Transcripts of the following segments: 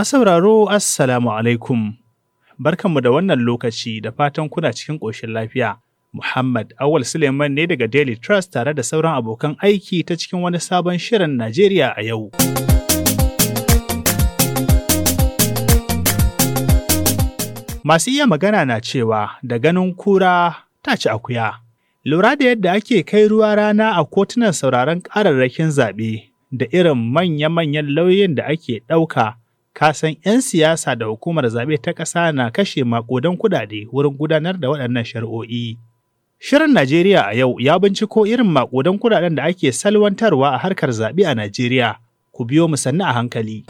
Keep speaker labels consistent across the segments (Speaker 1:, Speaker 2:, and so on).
Speaker 1: Masu sauraro Assalamu alaikum, barkanmu da wannan lokaci da fatan kuna cikin ƙoshin lafiya. Muhammad Awal Suleiman ne daga Daily Trust tare da sauran abokan aiki ta cikin wani sabon shirin Najeriya a yau. Masu iya magana na cewa da ganin kura ta ci akuya. Lura da yadda ake kai ruwa rana a kotunan sauraron ƙararrakin zaɓe da irin manya-manyan lauyoyin da ake ɗauka ka san 'yan siyasa da hukumar zaɓe ta ƙasa na kashe maƙudan kuɗaɗe wurin gudanar da waɗannan shari'o'i. Shirin Najeriya a yau ya binciko irin maƙudan kuɗaɗen da ake salwantarwa a harkar zaɓe a Najeriya. Ku biyo mu sannu a hankali.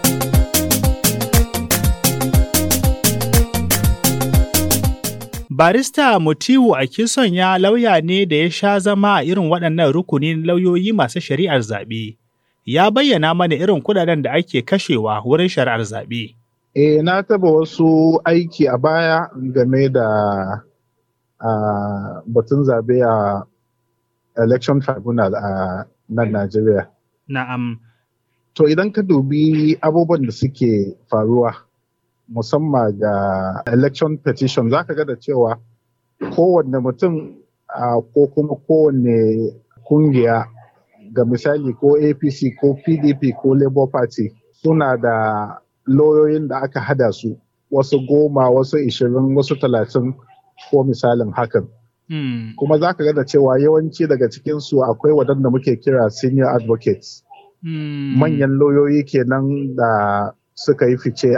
Speaker 1: Barista Mutiwu Akison ya lauya ne da ya sha zama a irin waɗannan rukunin lauyoyi masu shari'ar zaɓe. ya bayyana mana irin kudaden da ake kashewa wurin shari'ar zaɓe.
Speaker 2: E, na taba wasu aiki a baya game da batun zaɓe a election tribunal a nan Najeriya. Na'am. To idan ka dubi abubuwan da suke faruwa musamman ga election petition za ka ga da cewa kowanne mutum ko kuma kowanne kungiya ga misali ko apc ko pdp ko labour party suna da lauyoyin da aka hada su wasu goma wasu ishirin wasu talatin ko misalin hakan hmm. kuma za ka da cewa yawanci daga cikinsu akwai waɗanda muke kira senior advocates hmm. manyan lauyoyi kenan da suka yi fice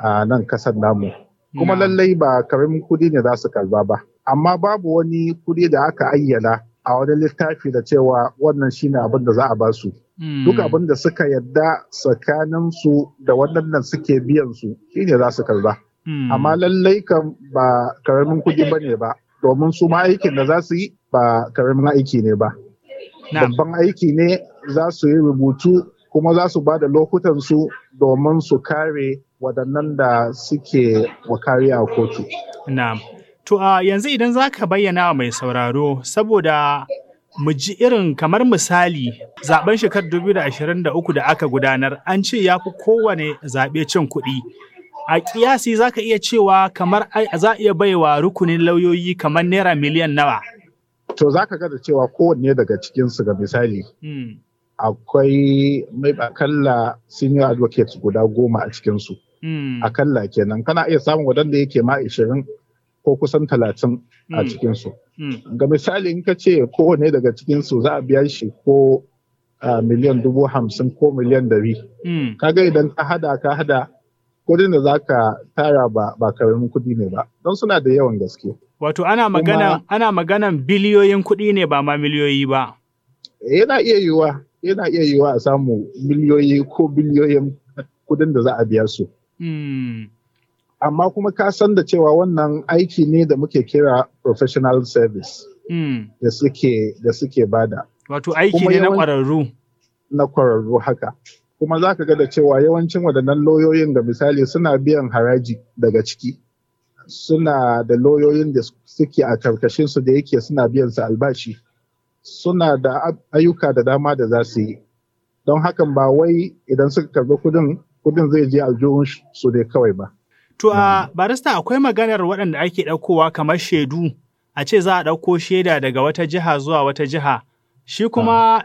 Speaker 2: a nan kasar namu kuma lallai ba karamin kudi ne za su karba ba amma babu wani kudi da aka ayyana a wani littafi da cewa wannan shine abin da za a ba su hmm. duk abin da suka yadda tsakanin su da waɗannan suke biyan su shine za su karba hmm. amma lallai kan ba karamin kuɗi ba ne ba domin su ma aikin da za su yi ba karamin aiki ne ba babban aiki ne za su yi rubutu kuma za su ba da lokutan su domin su kare waɗannan da suke wa kariya a kotu.
Speaker 1: Na'am. To a yanzu idan za ka bayyana mai sauraro saboda mu ji irin kamar misali zaben shekarar 2023 da aka gudanar an ce ya fi kowane zaɓe cin kuɗi. A kiyasi za ka iya cewa kamar za a iya baiwa rukunin lauyoyi kamar naira miliyan nawa.
Speaker 2: To za ka gada cewa kowanne daga cikinsu ga misali. Hmm. Akwai mai akalla senior advocates guda goma a cikinsu. Hmm. Akalla kenan kana iya samun waɗanda yake ma 20 ko kusan talatin a mm. cikinsu. Mm. Ga misali in ka ce kowane daga cikinsu za a biya shi ko miliyan dubu hamsin ko miliyan dari. Mm. Kaga idan ka hada ka hada kudin da za ka tara ba karamin kudi ne ba don suna da yawan gaske.
Speaker 1: Wato ana magana ana maganan biliyoyin kudi ne ba ma miliyoyi ba.
Speaker 2: Eh, yana iya yiwuwa yana iya yiwuwa a samu miliyoyi ko biliyoyin kudin da za a biya su. amma kuma ka san da cewa wannan aiki ne da muke kira professional service hmm. da suke da suke bada
Speaker 1: wato aiki ne na
Speaker 2: kwararru na kwararru haka kuma za ka ga da cewa yawancin waɗannan lauyoyin ga misali suna biyan haraji daga ciki suna da lauyoyin da suke a karkashin su da yake suna biyan su albashi suna da ayyuka da dama da za su yi don hakan ba wai idan suka karbi kudin kudin zai je aljihun su dai kawai ba
Speaker 1: To a barista akwai maganar waɗanda ake ɗaukowa kamar shaidu a ce za a ɗauko shaida daga wata jiha zuwa wata jiha. Shi kuma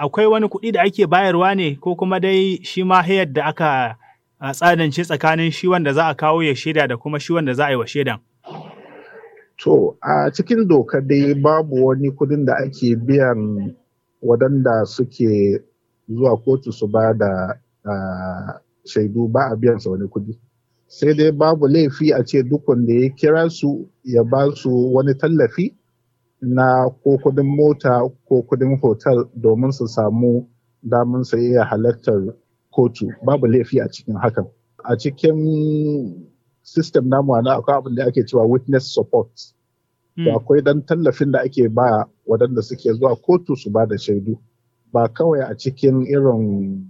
Speaker 1: akwai wani kuɗi da ake bayarwa ne ko kuma dai shi ma da aka tsadance tsakanin shi wanda za a kawo ya shaida da kuma shi wanda za a yi wa shaidan.
Speaker 2: To a cikin doka dai babu wani kuɗin da ake biyan waɗanda suke zuwa kotu su ba da shaidu ba a biyansa wani kuɗi. sai dai babu laifi a ce duk wanda ya kira su ya ba su wani tallafi na ko kudin mota ko kudin hotel domin su samu damun su iya halartar kotu babu laifi a cikin hakan a cikin system na na akwai abin da ake cewa witness support Ba hmm. akwai dan tallafin da ake ba waɗanda suke zuwa kotu su ba da shaidu ba kawai a cikin irin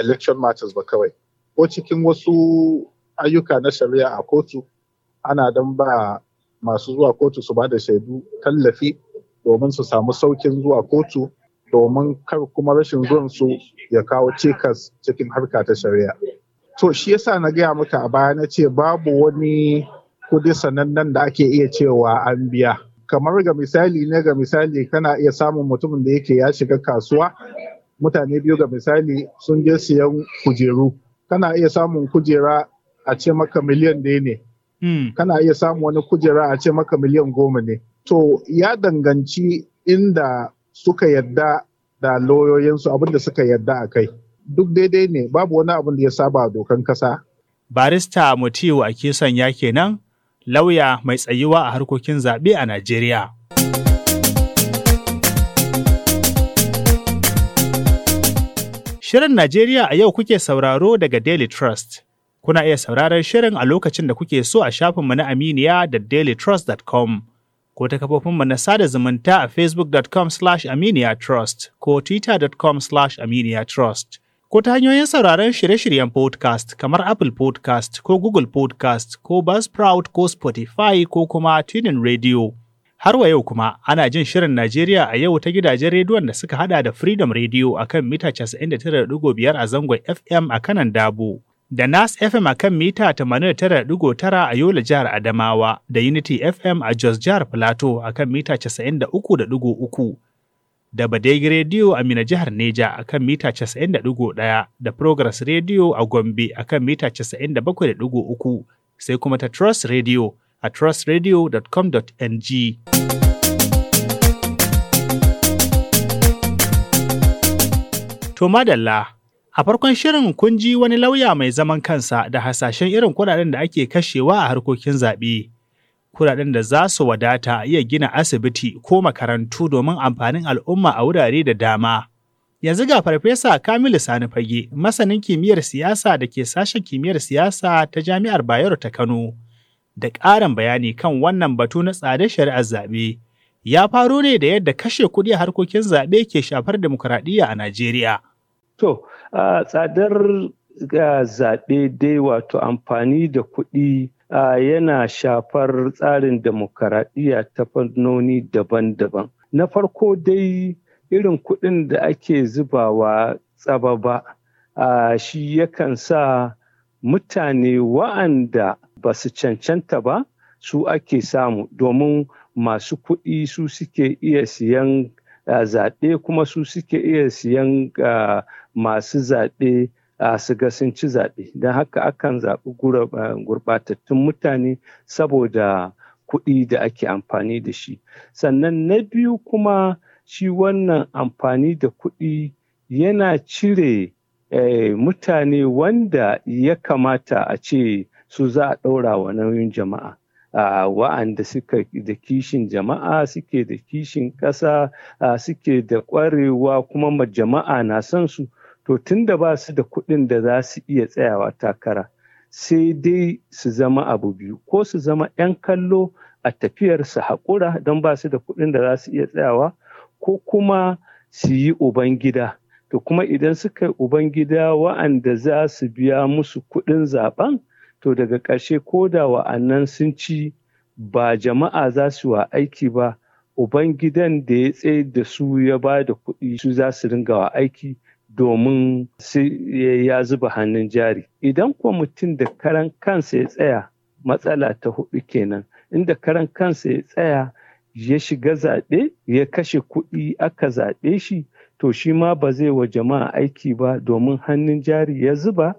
Speaker 2: election matters ba kawai ko cikin wasu ayyuka na shari'a a kotu ana dan ba masu zuwa kotu su ba da shaidu tallafi domin su samu saukin zuwa kotu domin kar kuma rashin zuwan su ya kawo cikas cikin harka ta shari'a. To shi yasa na gaya maka a baya na ce babu wani kudi sanannen da ake iya cewa an biya. Kamar ga misali ne ga misali kana iya samun mutumin da yake ya shiga kasuwa mutane biyu ga misali sun je siyan kujeru. Kana iya samun kujera a ce maka miliyan ɗaya ne hmm. kana iya samun wani kujera a ce maka miliyan goma ne to ya danganci inda suka yadda da lauyoyinsu abin da suka yadda a kai duk daidai ne babu wani abin da ya saba a dokan kasa
Speaker 1: barista mutiyu a kisan ya nan, lauya mai tsayuwa a harkokin zaɓe a najeriya Shirin Najeriya a yau kuke sauraro daga Daily Trust. Kuna iya sauraron shirin a lokacin da kuke so a shafinmu na Aminiya da dailytrust.com ko ta kafofinmu na sada zumunta a facebook.com slash aminiyatrust ko twitter.com slash aminiyatrust ko ta hanyoyin sauraron shirye-shiryen podcast kamar Apple podcast ko Google podcast ko Buzzsprout ko Spotify ko kuma Tunin Radio. Har wa yau kuma ana jin shirin Najeriya a yau ta gidajen rediyon da suka hada da Freedom Radio a kan mita 99.5 a zangon FM a kanan Dabo. da Nas FM a kan mita 89.9 a Yola jihar Adamawa da Unity FM a Jos jihar Filato a kan mita 93.3 da Badegi Radio a Mina jihar Neja a kan mita 91.1 da Progress Radio a Gombe a kan mita 97.3 sai kuma ta Trust Radio a trustradio.com.ng. To madalla A farkon shirin kun ji wani lauya mai zaman kansa da hasashen irin kuɗaɗen da ake kashewa a harkokin zaɓe. Kuɗaɗen da za su wadata iya gina asibiti ko makarantu domin amfanin al'umma a wurare da dama. Yanzu ga Farfesa Kamilu Sani Fage, masanin kimiyyar siyasa da ke sashen kimiyyar siyasa ta Jami'ar Bayero ta Kano, da ƙarin bayani kan wannan batu na tsadar shari'ar zaɓe. Ya faro ne da yadda kashe kuɗi a harkokin zaɓe ke shafar demokuraɗiyya a Najeriya.
Speaker 3: To, a tsadar ga zaɓe dai wato amfani da kuɗi yana shafar tsarin demokaradiyya ta fannoni daban-daban. Na farko dai irin kuɗin da ake zubawa tsaba tsababa shi yakan sa mutane wa'anda ba su cancanta ba su ake samu domin masu kuɗi su suke iya siyan zaɓe kuma su suke iya siyan ga masu zaɓe su ga sun ci zaɓe don haka akan zaɓi gurɓatattun mutane saboda kuɗi da ake amfani da shi sannan na biyu kuma shi wannan amfani da kuɗi yana cire mutane wanda ya kamata a ce su za a ɗaura wa nauyin jama'a wa'anda suka da kishin jama'a suke da kishin ƙasa suke da ƙwarewa kuma jama'a na son su to tun da ba su da kuɗin da za su iya tsayawa takara sai dai su zama abu biyu ko su zama 'yan kallo a tafiyar su haƙura don ba su da kuɗin da za su iya tsayawa ko kuma su yi ubangida to kuma idan suka yi ubangida wa'anda za su biya musu kuɗin zaɓen. to daga ƙarshe ko da wa'annan sun ci ba jama'a za su wa aiki ba ubangidan da ya tsaye da su ya ba da kuɗi su za su ringa wa aiki domin ya zuba hannun jari idan kuwa mutum da karan kansa ya tsaya matsala ta hudu kenan inda karan kansa ya tsaya ya shiga zaɓe ya kashe kuɗi aka zaɓe shi to shi ma ba zai wa jama'a aiki ba domin hannun jari ya zuba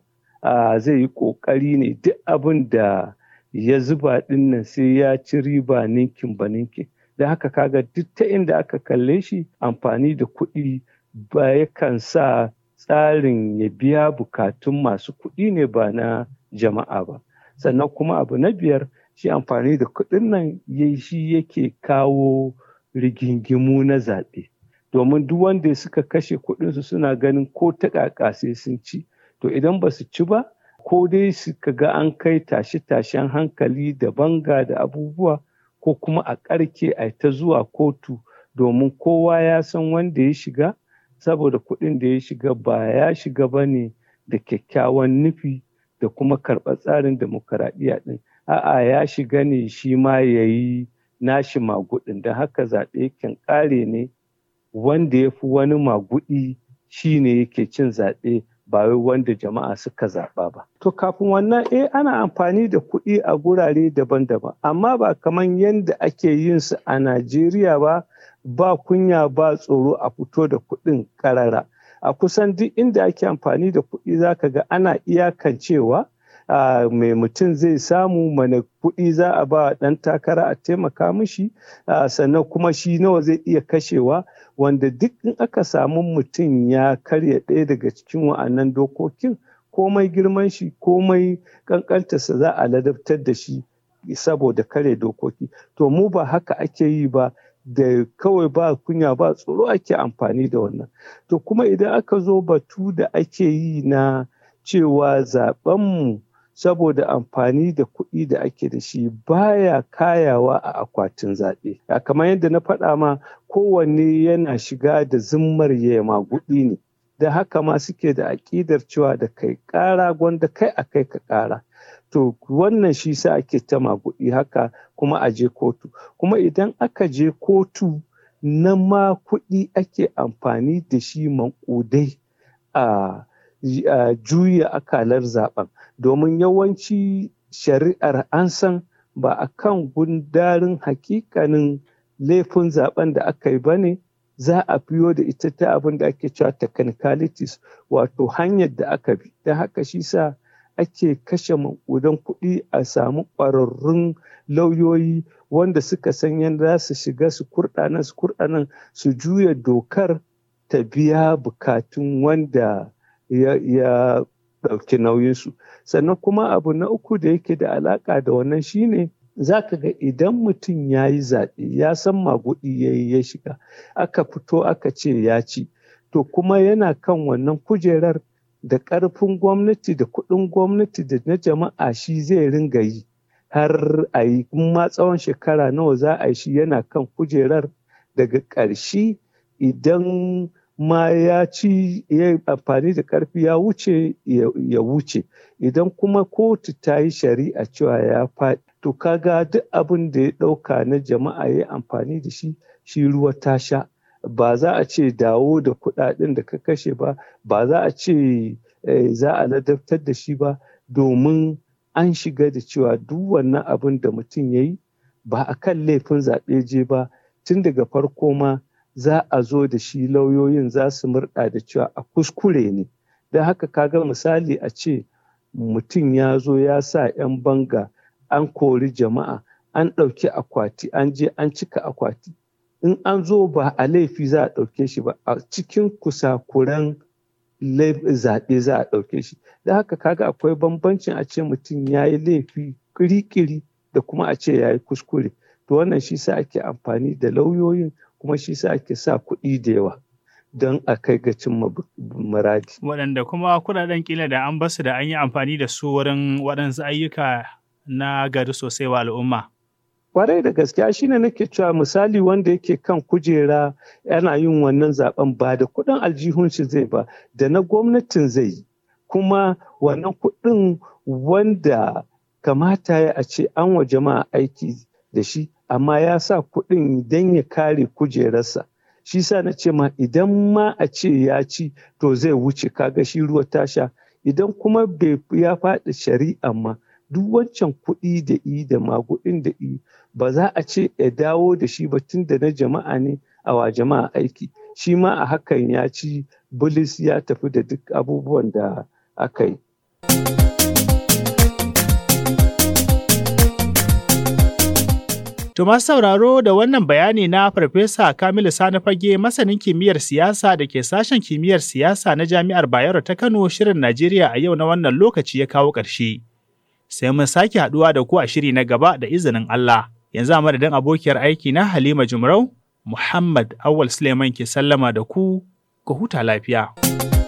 Speaker 3: zai yi ƙoƙari ne duk abin da ya zuba ɗinnan sai ya ci riba ninkin ba ninkin da haka kaga duk ta inda aka kalle shi amfani da kuɗi ba yakan sa tsarin ya biya bukatun masu kuɗi ne ba na jama'a ba sannan kuma abu na biyar shi amfani da kuɗin nan ya shi yake kawo rigingimu na zaɓe domin duk wanda suka kashe kuɗinsu suna ganin ko ta sai sun ci to idan ba su ci ba ko dai su ga an kai tashe-tashen hankali da banga da abubuwa ko kuma a ƙarke a ta zuwa kotu domin kowa ya san wanda ya shiga saboda kuɗin da ya shiga ba ya shiga ba ne da kyakkyawan nufi da kuma karɓar tsarin demokaradiyya ɗin a'a ya shiga ne shi ma ya yi nashi maguɗin da haka zaɓe kan ƙare ne wanda ya fi wani magudi shi ne yake cin zaɓe ba wai wanda jama'a suka zaɓa ba. To kafin wannan eh ana amfani da kuɗi a gurare daban-daban amma ba kamar yadda ake yin su a Najeriya ba ba kunya ba tsoro a fito da kuɗin ƙarara. A kusan duk inda ake amfani da kuɗi za ka ga ana iyakancewa mai mutum zai samu mana kuɗi za a ba ɗan takara a taimaka mishi sannan kuma shi nawa zai iya kashewa wanda duk in aka samu mutum ya karya ɗaya daga cikin wa'annan dokokin komai girman shi komai ƙanƙantarsa za a ladabtar da shi saboda kare dokoki to mu ba haka ake yi ba da kawai ba kunya ba tsoro ake amfani da wannan to kuma idan aka zo batu da ake yi na cewa zaben mu saboda amfani da kuɗi da ake da shi baya kayawa a akwatin zaɓe. A kamar yadda na faɗa ma kowanne yana shiga da zimmar yema guɗi ne. Da haka ma suke da aƙidar cewa da kai ƙara gwanda kai a kai ka ƙara. To wannan shi sa ake ta maguɗi haka kuma a je kotu. Kuma idan aka je kotu na ma kuɗi ake amfani da shi maƙudai a juya akalar zaben domin yawanci shari'ar an san ba a kan gundarin hakikanin laifin zaben da aka yi ba ne za a biyo da ita ta abin da ake cewa technicalities wato hanyar da aka bi ta haka shi sa ake kashe makudan kuɗi a samu ƙwararrun lauyoyi wanda suka san yadda za su shiga su nan su nan su juya dokar ta biya bukatun wanda ya ɗauki nauyinsu sannan kuma abu na uku da yake da alaƙa da wannan shine za ka ga idan mutum ya yi zaɓe ya san maguɗi ya yi ya shiga aka fito aka ce ya ci to kuma yana kan wannan kujerar da ƙarfin gwamnati da kuɗin gwamnati da na jama'a shi zai ringa yi har a yi ma tsawon shekara nawa za a yi shi yana kan kujerar daga ƙarshe idan ma ya ci ya amfani da karfi ya wuce ya wuce idan kuma kotu ta yi shari'a cewa ya faɗi to kaga duk abin da ya ɗauka na jama'a ya amfani da shi shi ruwa ta sha ba za a ce dawo da kuɗaɗen da ka kashe ba ba za a ce eh, za a ladabtar da shi ba domin an shiga da cewa duk wannan abin da mutum ya yi ba a kan laifin zaɓe je ba tun daga farko ma za a zo da shi lauyoyin za su murɗa da cewa a kuskure ne don haka kaga misali a ce mutum ya zo ya sa 'yan banga an kori jama'a an ɗauki akwati an je an cika akwati in an zo ba a laifi za a ɗauke shi ba a cikin kusakuran zaɓe za a ɗauke shi da haka kaga akwai bambancin a ce mutum ya yi laifi kirikiri da kuma a ce ya yi kuskure to wannan shi sa ake amfani da lauyoyin kuma shi sa ake sa kuɗi da yawa don a kai ga cimma muradi.
Speaker 1: Waɗanda kuma kuɗaɗen kila da an basu da an yi amfani da su wurin waɗansu ayyuka na gari sosai wa al'umma.
Speaker 3: Kwarai da gaskiya shi ne nake cewa misali wanda yake kan kujera yana yin wannan zaben ba da kuɗin aljihun zai ba da na gwamnatin zai yi kuma wannan kuɗin wanda kamata ya a ce an wa jama'a aiki da shi amma ya sa kuɗin idan ya kare kujerarsa shi sa na ce ma idan ma a ce ya ci to zai wuce kaga shi ruwa ta sha idan kuma bai ya faɗi shari'a ma duk wancan kuɗi da i da maguɗin da i ba za a ce ya dawo da shi ba tun da na jama'a ne a wa jama'a aiki shi ma a hakan ya ci bilis ya tafi da duk abubuwan da aka yi.
Speaker 1: To masu sauraro da wannan bayani na Farfesa Kamilu Sani Fage masanin kimiyyar siyasa da ke sashen kimiyyar siyasa na Jami'ar Bayero ta Kano shirin Najeriya a yau na wannan lokaci ya kawo ƙarshe. Sai mun sake haɗuwa da ku a shiri na gaba da izinin Allah. Yanzu a madadin abokiyar aiki na Halima Jumrau, Muhammad Awal Suleiman ke sallama da ku, ku huta lafiya.